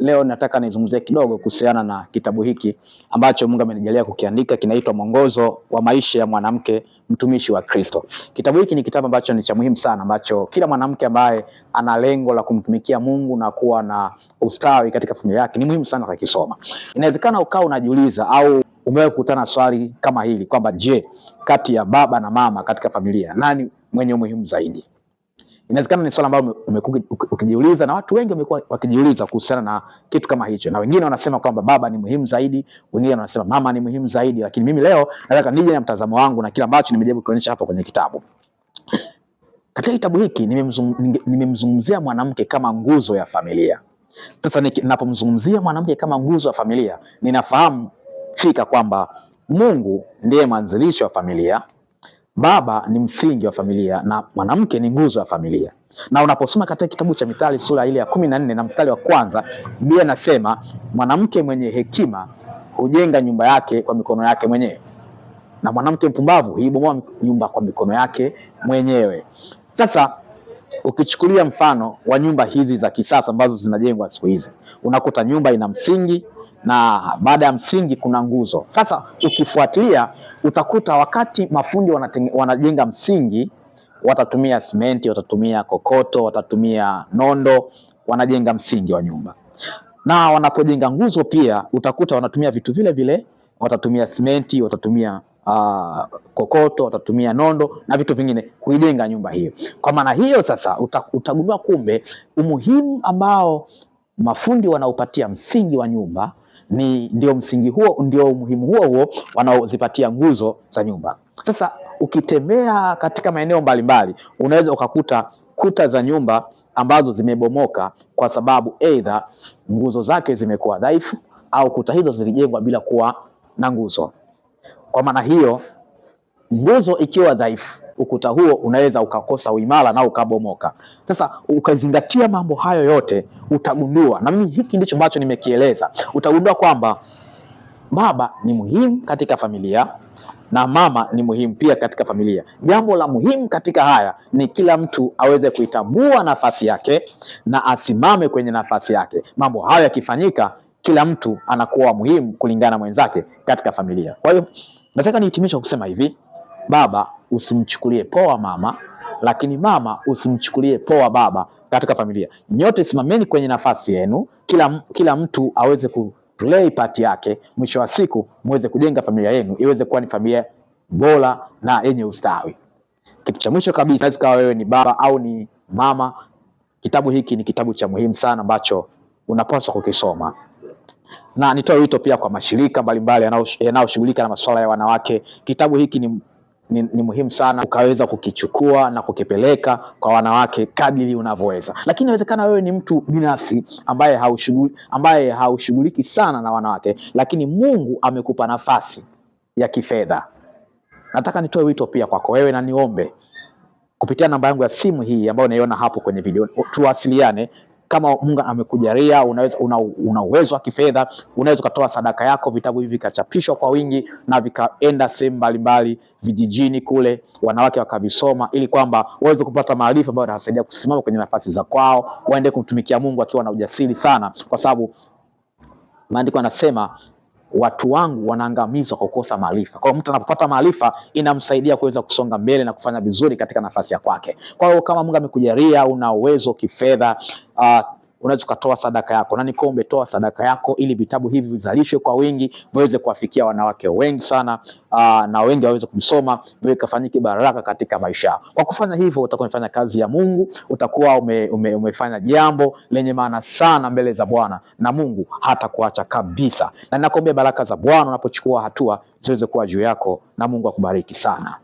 leo nataka nizungumzie kidogo kuhusiana na kitabu hiki ambacho Mungu amenijalia kukiandika, kinaitwa Mwongozo wa Maisha ya Mwanamke Mtumishi wa Kristo. Kitabu hiki ni kitabu ambacho ni cha muhimu sana, ambacho kila mwanamke ambaye ana lengo la kumtumikia Mungu na kuwa na ustawi katika familia yake ni muhimu sana kakisoma. Inawezekana ukawa unajiuliza au umewahi kukutana swali kama hili kwamba je, kati ya baba na mama katika familia nani mwenye umuhimu zaidi? Inawezekana ni swala ambalo umekuwa ukijiuliza na watu wengi wamekuwa wakijiuliza kuhusiana na kitu kama hicho, na wengine wanasema kwamba baba ni muhimu zaidi, wengine wanasema mama ni muhimu zaidi, lakini mimi leo nataka nije na mtazamo wangu na kile ambacho nimejaribu kuonyesha hapa kwenye kitabu. Katika kitabu hiki nimemzungumzia mwanamke kama nguzo ya familia. Sasa ninapomzungumzia mwanamke kama nguzo ya familia, ninafahamu fika kwamba Mungu ndiye mwanzilishi wa familia Baba ni msingi wa familia na mwanamke ni nguzo ya familia. Na unaposoma katika kitabu cha Mithali sura ile ya kumi na nne na mstari wa kwanza, Biblia inasema mwanamke mwenye hekima hujenga nyumba yake kwa mikono yake mwenyewe, na mwanamke mpumbavu huibomoa nyumba kwa mikono yake mwenyewe. Sasa ukichukulia mfano wa nyumba hizi za kisasa ambazo zinajengwa siku hizi, unakuta nyumba ina msingi na baada ya msingi kuna nguzo. Sasa ukifuatilia utakuta wakati mafundi wanajenga msingi, watatumia simenti, watatumia kokoto, watatumia nondo, wanajenga msingi wa nyumba. Na wanapojenga nguzo pia utakuta wanatumia vitu vile vile, watatumia simenti, watatumia Uh, kokoto watatumia nondo na vitu vingine kuijenga nyumba hiyo. Kwa maana hiyo sasa utagundua kumbe umuhimu ambao mafundi wanaupatia msingi wa nyumba ni ndio msingi huo, ndio umuhimu huo huo wanaozipatia nguzo za nyumba. Sasa ukitembea katika maeneo mbalimbali, unaweza ukakuta kuta za nyumba ambazo zimebomoka kwa sababu aidha nguzo zake zimekuwa dhaifu au kuta hizo zilijengwa bila kuwa na nguzo. Kwa maana hiyo, nguzo ikiwa dhaifu ukuta huo unaweza ukakosa uimara na ukabomoka. Sasa ukazingatia mambo hayo yote, utagundua na mimi hiki ndicho ambacho nimekieleza, utagundua kwamba baba ni muhimu katika familia na mama ni muhimu pia katika familia. Jambo la muhimu katika haya ni kila mtu aweze kuitambua nafasi yake na asimame kwenye nafasi yake. Mambo hayo yakifanyika, kila mtu anakuwa muhimu kulingana mwenzake katika familia. Kwa hiyo nataka nihitimisha kusema hivi baba usimchukulie poa mama, lakini mama usimchukulie poa baba katika familia. Nyote simameni kwenye nafasi yenu, kila, kila mtu aweze ku play part yake, mwisho wa siku muweze kujenga familia yenu iweze kuwa ni familia bora na yenye ustawi. Kitu cha mwisho kabisa, naweza kawa wewe ni baba au ni mama, kitabu hiki ni kitabu cha muhimu sana ambacho unapaswa kukisoma na nitoe wito pia kwa mashirika mbalimbali yanayoshughulika na masuala ya wanawake. Kitabu hiki ni ni, ni muhimu sana ukaweza kukichukua na kukipeleka kwa wanawake kadiri unavyoweza, lakini inawezekana wewe ni mtu binafsi ambaye haushughuli, ambaye haushughuliki sana na wanawake, lakini Mungu amekupa nafasi ya kifedha. Nataka nitoe wito pia kwako wewe na niombe kupitia namba yangu ya simu hii ambayo unaiona hapo kwenye video, tuwasiliane kama Mungu amekujalia unaweza, una, una uwezo wa kifedha, unaweza ukatoa sadaka yako, vitabu hivi vikachapishwa kwa wingi na vikaenda sehemu mbalimbali vijijini kule, wanawake wakavisoma, ili kwamba waweze kupata maarifa ambayo yanawasaidia kusimama kwenye nafasi za kwao, waende kumtumikia Mungu akiwa na ujasiri sana, kwa sababu maandiko yanasema watu wangu wanaangamizwa kwa kukosa maarifa. Kwa hiyo mtu anapopata maarifa inamsaidia kuweza kusonga mbele na kufanya vizuri katika nafasi ya kwake. Kwa hiyo kama Mungu amekujalia, una uwezo kifedha, uh, unaweza ukatoa sadaka yako, na nikuombe, toa sadaka yako ili vitabu hivi vizalishwe kwa wingi, viweze kuwafikia wanawake wengi sana, uh, na wengi waweze kumsoma, viwe kafanyike baraka katika maisha Kwa kufanya hivyo, utakuwa umefanya kazi ya Mungu, utakuwa ume, ume, umefanya jambo lenye maana sana mbele za Bwana, na Mungu hatakuacha kabisa, na ninakuombea baraka za Bwana unapochukua hatua ziweze kuwa juu yako, na Mungu akubariki sana.